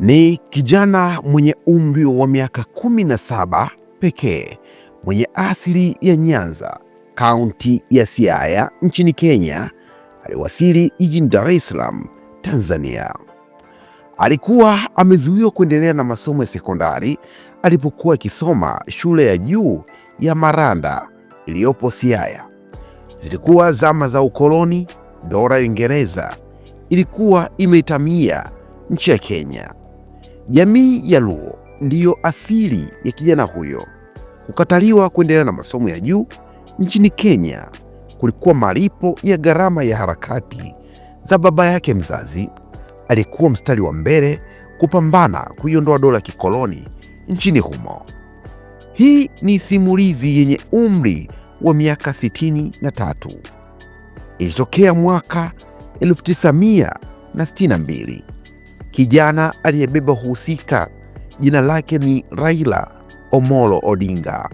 Ni kijana mwenye umri wa miaka 17 pekee mwenye asili ya Nyanza, kaunti ya Siaya nchini Kenya. Aliwasili jijini Dar es Salaam, Tanzania. Alikuwa amezuiwa kuendelea na masomo ya sekondari alipokuwa akisoma shule ya juu ya Maranda iliyopo Siaya. Zilikuwa zama za ukoloni, dola ya Uingereza ilikuwa imetamia nchi ya Kenya. Jamii ya Luo ndiyo asili ya kijana huyo. Kukataliwa kuendelea na masomo ya juu nchini Kenya kulikuwa malipo ya gharama ya harakati za baba yake mzazi, aliyekuwa mstari wa mbele kupambana kuiondoa dola kikoloni nchini humo. Hii ni simulizi yenye umri wa miaka 63. Ilitokea mwaka 1962. Kijana aliyebeba husika jina lake ni Raila Omolo Odinga,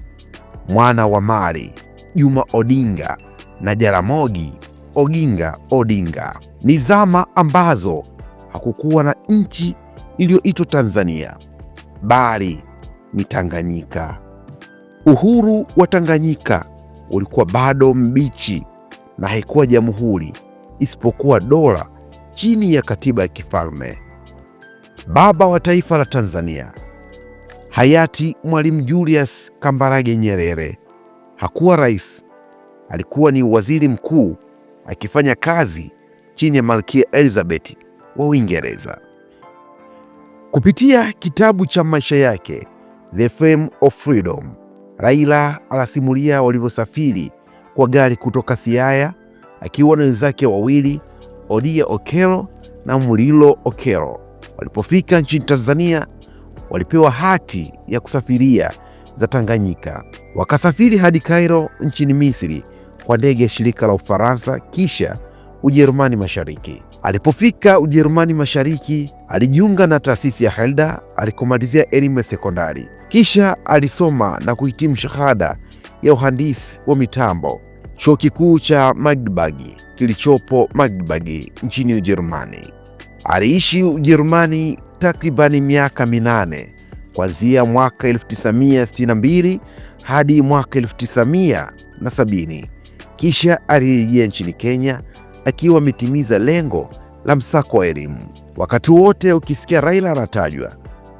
mwana wa Mari Juma Odinga na Jaramogi Oginga Odinga. Ni zama ambazo hakukuwa na nchi iliyoitwa Tanzania bali ni Tanganyika. Uhuru wa Tanganyika ulikuwa bado mbichi na haikuwa jamhuri isipokuwa dola chini ya katiba ya kifalme baba wa taifa la Tanzania hayati Mwalimu Julius Kambarage Nyerere hakuwa rais, alikuwa ni waziri mkuu akifanya kazi chini ya Malkia Elizabeth wa Uingereza. Kupitia kitabu cha maisha yake The Flame of Freedom, Raila anasimulia walivyosafiri kwa gari kutoka Siaya akiwa na wenzake wawili Odia Okero na Mulilo Okero Walipofika nchini Tanzania, walipewa hati ya kusafiria za Tanganyika, wakasafiri hadi Cairo nchini Misri kwa ndege ya shirika la Ufaransa, kisha Ujerumani Mashariki. Alipofika Ujerumani Mashariki, alijiunga na taasisi ya Helda alikomalizia elimu ya sekondari, kisha alisoma na kuhitimu shahada ya uhandisi wa mitambo chuo kikuu cha Magdeburg kilichopo Magdeburg nchini Ujerumani. Aliishi Ujerumani takribani miaka minane kuanzia mwaka 1962 hadi mwaka 1970. Kisha alirejea nchini Kenya akiwa ametimiza lengo la msako wa elimu. Wakati wote ukisikia Raila anatajwa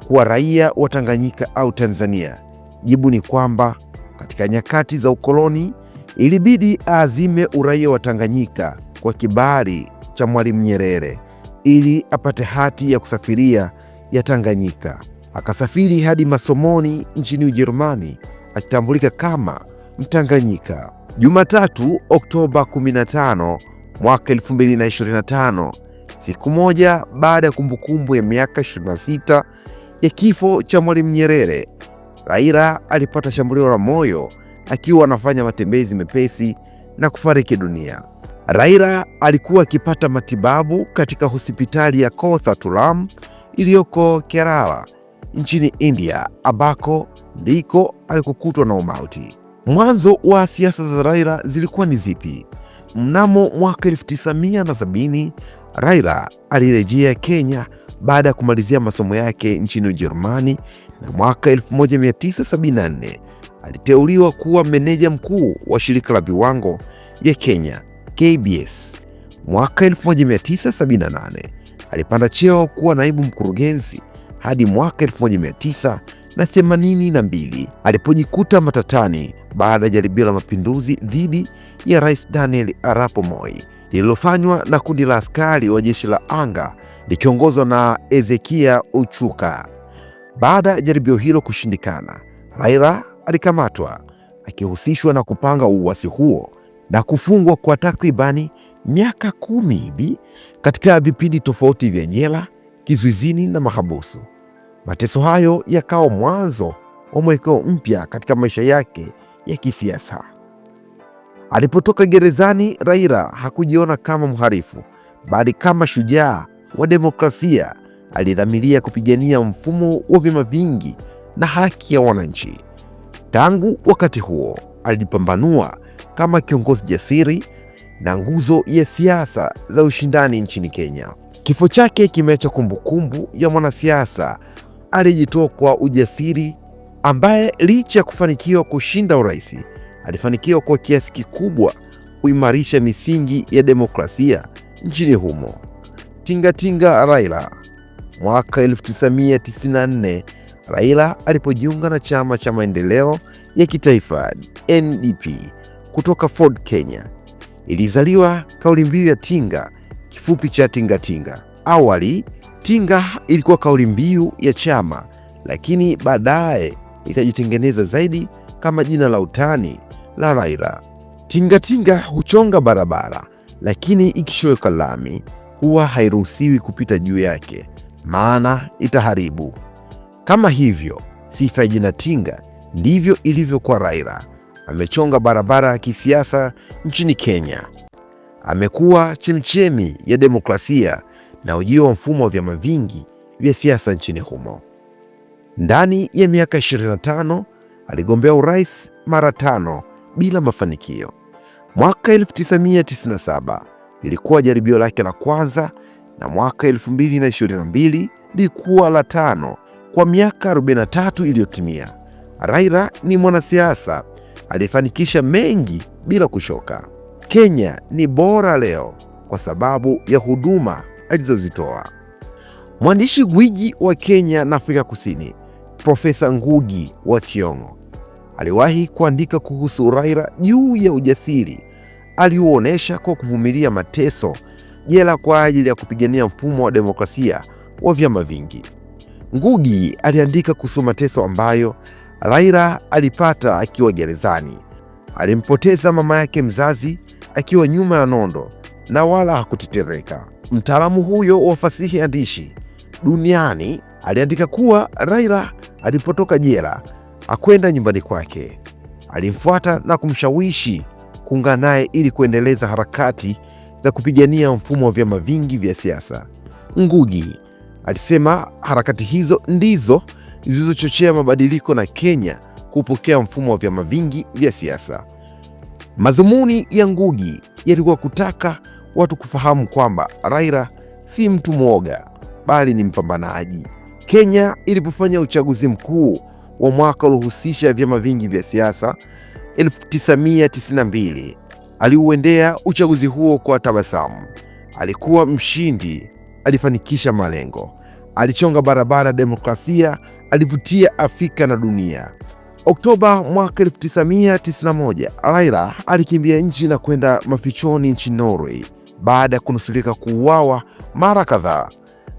kuwa raia wa Tanganyika au Tanzania, jibu ni kwamba katika nyakati za ukoloni ilibidi aazime uraia wa Tanganyika kwa kibali cha Mwalimu Nyerere ili apate hati ya kusafiria ya Tanganyika. Akasafiri hadi Masomoni nchini Ujerumani akitambulika kama Mtanganyika. Jumatatu, Oktoba 15 mwaka 2025, siku moja baada ya kumbukumbu ya miaka 26 ya kifo cha Mwalimu Nyerere, Raila alipata shambulio la moyo akiwa anafanya matembezi mepesi na kufariki dunia. Raila alikuwa akipata matibabu katika hospitali ya Kothatulam iliyoko Kerala nchini India, ambako ndiko alikokutwa na umauti. Mwanzo wa siasa za Raila zilikuwa ni zipi? Mnamo mwaka 1970 Raila alirejea Kenya baada ya kumalizia masomo yake nchini Ujerumani, na mwaka 1974 aliteuliwa kuwa meneja mkuu wa shirika la viwango vya Kenya KBS. Mwaka 1978 alipanda cheo kuwa naibu mkurugenzi hadi mwaka 1982 alipojikuta matatani baada ya jaribio la mapinduzi dhidi ya Rais Daniel Arap Moi lililofanywa na kundi la askari wa jeshi la anga likiongozwa na Ezekia Uchuka. Baada ya jaribio hilo kushindikana, Raila alikamatwa akihusishwa na kupanga uasi huo na kufungwa kwa takribani miaka kumi hivi katika vipindi tofauti vya nyela kizuizini na mahabusu. Mateso hayo yakawa mwanzo wa mwelekeo mpya katika maisha yake ya kisiasa. Alipotoka gerezani, Raila hakujiona kama mhalifu, bali kama shujaa wa demokrasia. Alidhamiria kupigania mfumo wa vyama vingi na haki ya wananchi. Tangu wakati huo alijipambanua kama kiongozi jasiri na nguzo ya siasa za ushindani nchini Kenya. Kifo chake kimeacha kumbukumbu ya mwanasiasa aliyejitoa kwa ujasiri, ambaye licha ya kufanikiwa kushinda urais, alifanikiwa kwa kiasi kikubwa kuimarisha misingi ya demokrasia nchini humo. Tingatinga Raila mwaka 1994 Raila alipojiunga na chama cha maendeleo ya kitaifa NDP kutoka Ford, Kenya, ilizaliwa kauli mbiu ya Tinga, kifupi cha tingatinga. Awali Tinga ilikuwa kauli mbiu ya chama, lakini baadaye ikajitengeneza zaidi kama jina la utani la Raila. Tingatinga huchonga barabara, lakini ikishoweka lami huwa hairuhusiwi kupita juu yake, maana itaharibu. Kama hivyo sifa ya jina Tinga ndivyo kwa Raila. Amechonga barabara ya kisiasa nchini Kenya, amekuwa chemchemi ya demokrasia na ujio wa mfumo wa vyama vingi vya siasa nchini humo. Ndani ya miaka 25 aligombea urais mara tano bila mafanikio. Mwaka 1997 lilikuwa jaribio lake la kwanza na mwaka 2022 lilikuwa la tano kwa miaka 43 iliyotimia, Raila ni mwanasiasa aliyefanikisha mengi bila kuchoka. Kenya ni bora leo kwa sababu ya huduma alizozitoa. Mwandishi gwiji wa Kenya na Afrika Kusini, Profesa Ngugi wa Thiong'o aliwahi kuandika kuhusu Raila juu ya ujasiri aliuonyesha kwa kuvumilia mateso jela kwa ajili ya kupigania mfumo wa demokrasia wa vyama vingi. Ngugi aliandika kuhusu mateso ambayo Raila alipata akiwa gerezani. Alimpoteza mama yake mzazi akiwa nyuma ya nondo na wala hakutetereka. Mtaalamu huyo wa fasihi andishi duniani aliandika kuwa Raila alipotoka jela akwenda nyumbani kwake, alimfuata na kumshawishi kuungana naye ili kuendeleza harakati za kupigania mfumo wa vyama vingi vya siasa. Ngugi Alisema harakati hizo ndizo zilizochochea mabadiliko na Kenya kupokea mfumo wa vyama vingi vya siasa. Madhumuni ya Ngugi yalikuwa kutaka watu kufahamu kwamba Raila si mtu mwoga, bali ni mpambanaji. Kenya ilipofanya uchaguzi mkuu wa mwaka uliohusisha vyama vingi vya siasa 1992, aliuendea uchaguzi huo kwa tabasamu. Alikuwa mshindi alifanikisha malengo, alichonga barabara ya demokrasia, alivutia Afrika na dunia. Oktoba mwaka 1991 Raila alikimbia nchi na kwenda mafichoni nchini Norway baada ya kunusurika kuuawa mara kadhaa.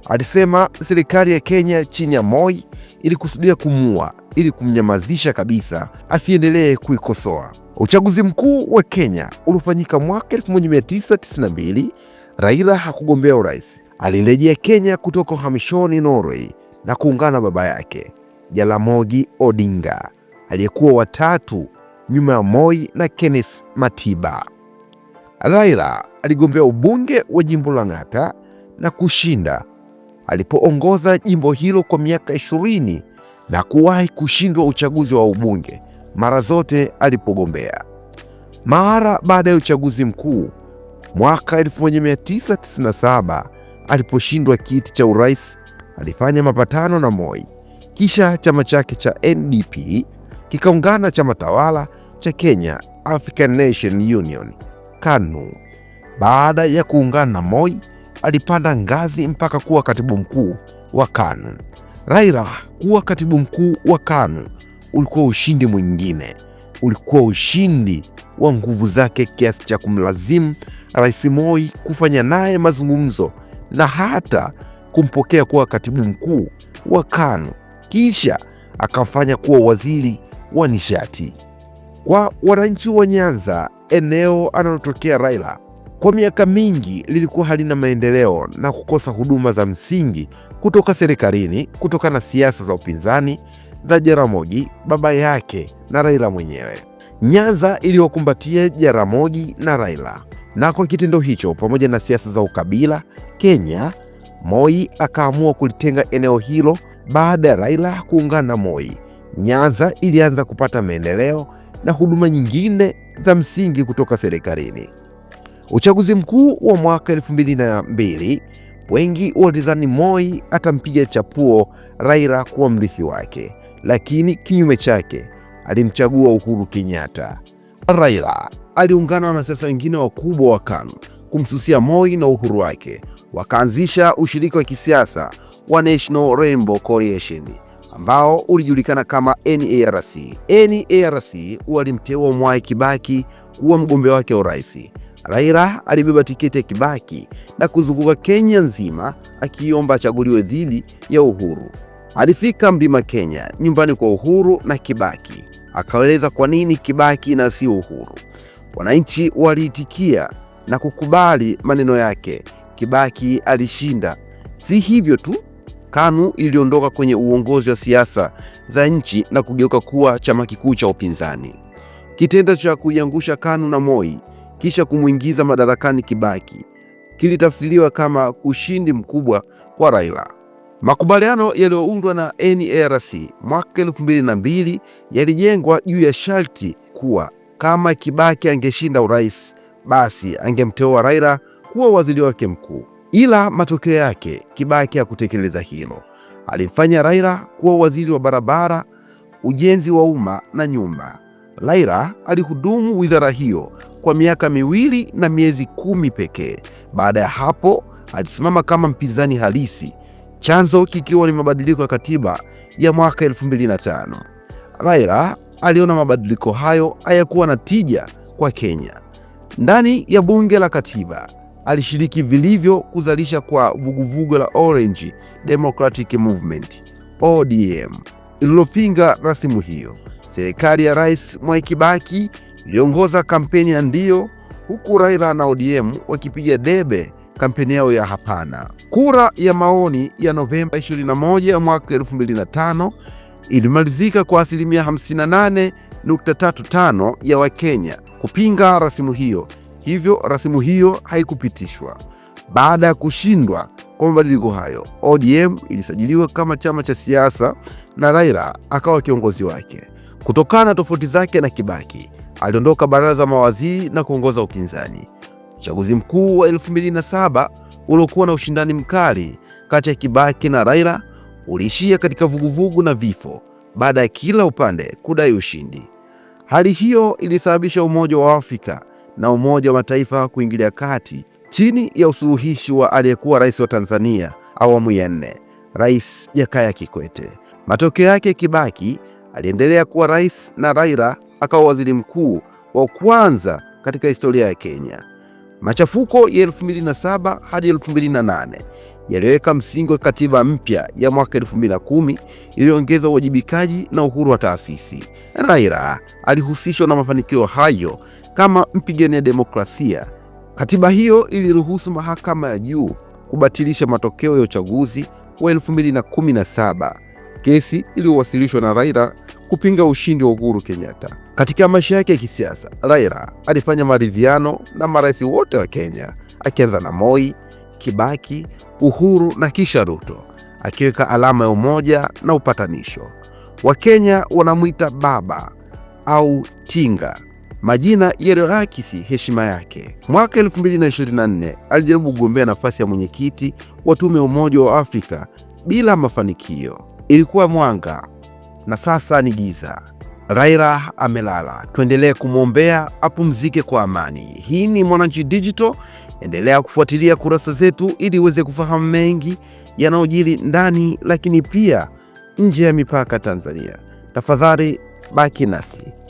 Alisema serikali ya Kenya chini ya Moi ilikusudia kumua ili kumnyamazisha kabisa asiendelee kuikosoa. Uchaguzi mkuu wa Kenya uliofanyika mwaka 1992, Raila hakugombea urais Alirejea Kenya kutoka uhamishoni Norway na kuungana baba yake Jaramogi Odinga aliyekuwa watatu nyuma ya Moi na Kenneth Matiba. Raila aligombea ubunge wa jimbo la Ng'ata na kushinda alipoongoza jimbo hilo kwa miaka ishirini na kuwahi kushindwa uchaguzi wa ubunge mara zote alipogombea. Mara baada ya uchaguzi mkuu mwaka 1997 aliposhindwa kiti cha urais alifanya mapatano na Moi, kisha chama chake cha NDP kikaungana chama tawala cha Kenya African Nation Union KANU. Baada ya kuungana na Moi, alipanda ngazi mpaka kuwa katibu mkuu wa KANU. Raila kuwa katibu mkuu wa KANU ulikuwa ushindi mwingine, ulikuwa ushindi wa nguvu zake kiasi cha kumlazimu Rais Moi kufanya naye mazungumzo na hata kumpokea kuwa katibu mkuu wa KANU, kisha akamfanya kuwa waziri wa nishati. Kwa wananchi wa Nyanza, eneo analotokea Raila kwa miaka mingi lilikuwa halina maendeleo na kukosa huduma za msingi kutoka serikalini kutokana na siasa za upinzani za Jaramogi, baba yake, na Raila mwenyewe. Nyanza iliwakumbatia Jaramogi na Raila na kwa kitendo hicho pamoja na siasa za ukabila Kenya, Moi akaamua kulitenga eneo hilo baada ya Raila kuungana na Moi. Nyanza ilianza kupata maendeleo na huduma nyingine za msingi kutoka serikalini. Uchaguzi mkuu wa mwaka 2002, wengi walidhani Moi atampiga chapuo Raila kuwa mrithi wake, lakini kinyume chake alimchagua Uhuru Kenyatta. Raila aliungana na wanasiasa wengine wakubwa wa KANU kumsusia Moi na uhuru wake, wakaanzisha ushirika wa kisiasa wa National Rainbow Coalition ambao ulijulikana kama NARC. NARC walimteua Mwai Kibaki kuwa mgombea wake wa urais. Raila alibeba tiketi ya Kibaki na kuzunguka Kenya nzima akiomba achaguliwe dhidi ya Uhuru. Alifika Mlima Kenya, nyumbani kwa Uhuru na Kibaki, akaeleza kwa nini Kibaki na si Uhuru. Wananchi waliitikia na kukubali maneno yake. Kibaki alishinda. Si hivyo tu, KANU iliondoka kwenye uongozi wa siasa za nchi na kugeuka kuwa chama kikuu cha upinzani. Kitendo cha kuiangusha KANU na Moi kisha kumwingiza madarakani Kibaki kilitafsiriwa kama ushindi mkubwa kwa Raila. Makubaliano yaliyoundwa na NRC mwaka 2002 yalijengwa juu ya sharti kuwa kama Kibaki angeshinda urais, basi angemteua Raila kuwa waziri wake mkuu. Ila matokeo yake Kibaki hakutekeleza hilo. Alimfanya Raila kuwa waziri wa barabara, ujenzi wa umma na nyumba. Raila alihudumu wizara hiyo kwa miaka miwili na miezi kumi pekee. Baada ya hapo, alisimama kama mpinzani halisi, chanzo kikiwa ni mabadiliko ya katiba ya mwaka 2005. Raila aliona mabadiliko hayo hayakuwa na tija kwa Kenya. Ndani ya bunge la katiba alishiriki vilivyo kuzalisha kwa vuguvugu la Orange Democratic Movement ODM lililopinga rasimu hiyo. Serikali ya Rais Mwai Kibaki iliongoza kampeni ya ndio, huku Raila na ODM wakipiga debe kampeni yao ya hapana. Kura ya maoni ya Novemba 21 mwaka 2005 ilimalizika kwa asilimia 58.35 ya Wakenya kupinga rasimu hiyo, hivyo rasimu hiyo haikupitishwa. Baada ya kushindwa kwa mabadiliko hayo, ODM ilisajiliwa kama chama cha siasa na Raila akawa kiongozi wake. Kutokana na tofauti zake na Kibaki, aliondoka baraza mawaziri na kuongoza upinzani. Uchaguzi mkuu wa 2007 uliokuwa na ushindani mkali kati ya Kibaki na Raila uliishia katika vuguvugu na vifo baada ya kila upande kudai ushindi. Hali hiyo ilisababisha Umoja wa Afrika na Umoja wa Mataifa kuingilia kati chini ya usuluhishi wa aliyekuwa rais wa Tanzania awamu ya nne, Rais Jakaya Kikwete. Matokeo yake, Kibaki aliendelea kuwa rais na Raila akawa waziri mkuu wa kwanza katika historia ya Kenya. Machafuko ya 2007 hadi 2008 yaliweka msingi wa katiba mpya ya mwaka 2010 iliyoongeza uwajibikaji na uhuru wa taasisi. Raila alihusishwa na mafanikio hayo kama mpigania demokrasia. Katiba hiyo iliruhusu mahakama ya juu kubatilisha matokeo ya uchaguzi wa 2017, kesi iliyowasilishwa na Raila kupinga ushindi wa Uhuru Kenyatta. Katika maisha yake ya kisiasa, Raila alifanya maridhiano na marais wote wa Kenya, akianza na Moi Kibaki, Uhuru na kisha Ruto, akiweka alama ya umoja na upatanisho. Wakenya wanamwita baba au Tinga, majina yaliyoakisi heshima yake. Mwaka 2024 alijaribu kugombea nafasi ya mwenyekiti wa tume ya Umoja wa Afrika bila mafanikio. Ilikuwa mwanga na sasa ni giza. Raila amelala, tuendelee kumwombea apumzike kwa amani. Hii ni Mwananchi Digital, endelea kufuatilia kurasa zetu ili uweze kufahamu mengi yanayojiri ndani, lakini pia nje ya mipaka Tanzania. Tafadhali baki nasi.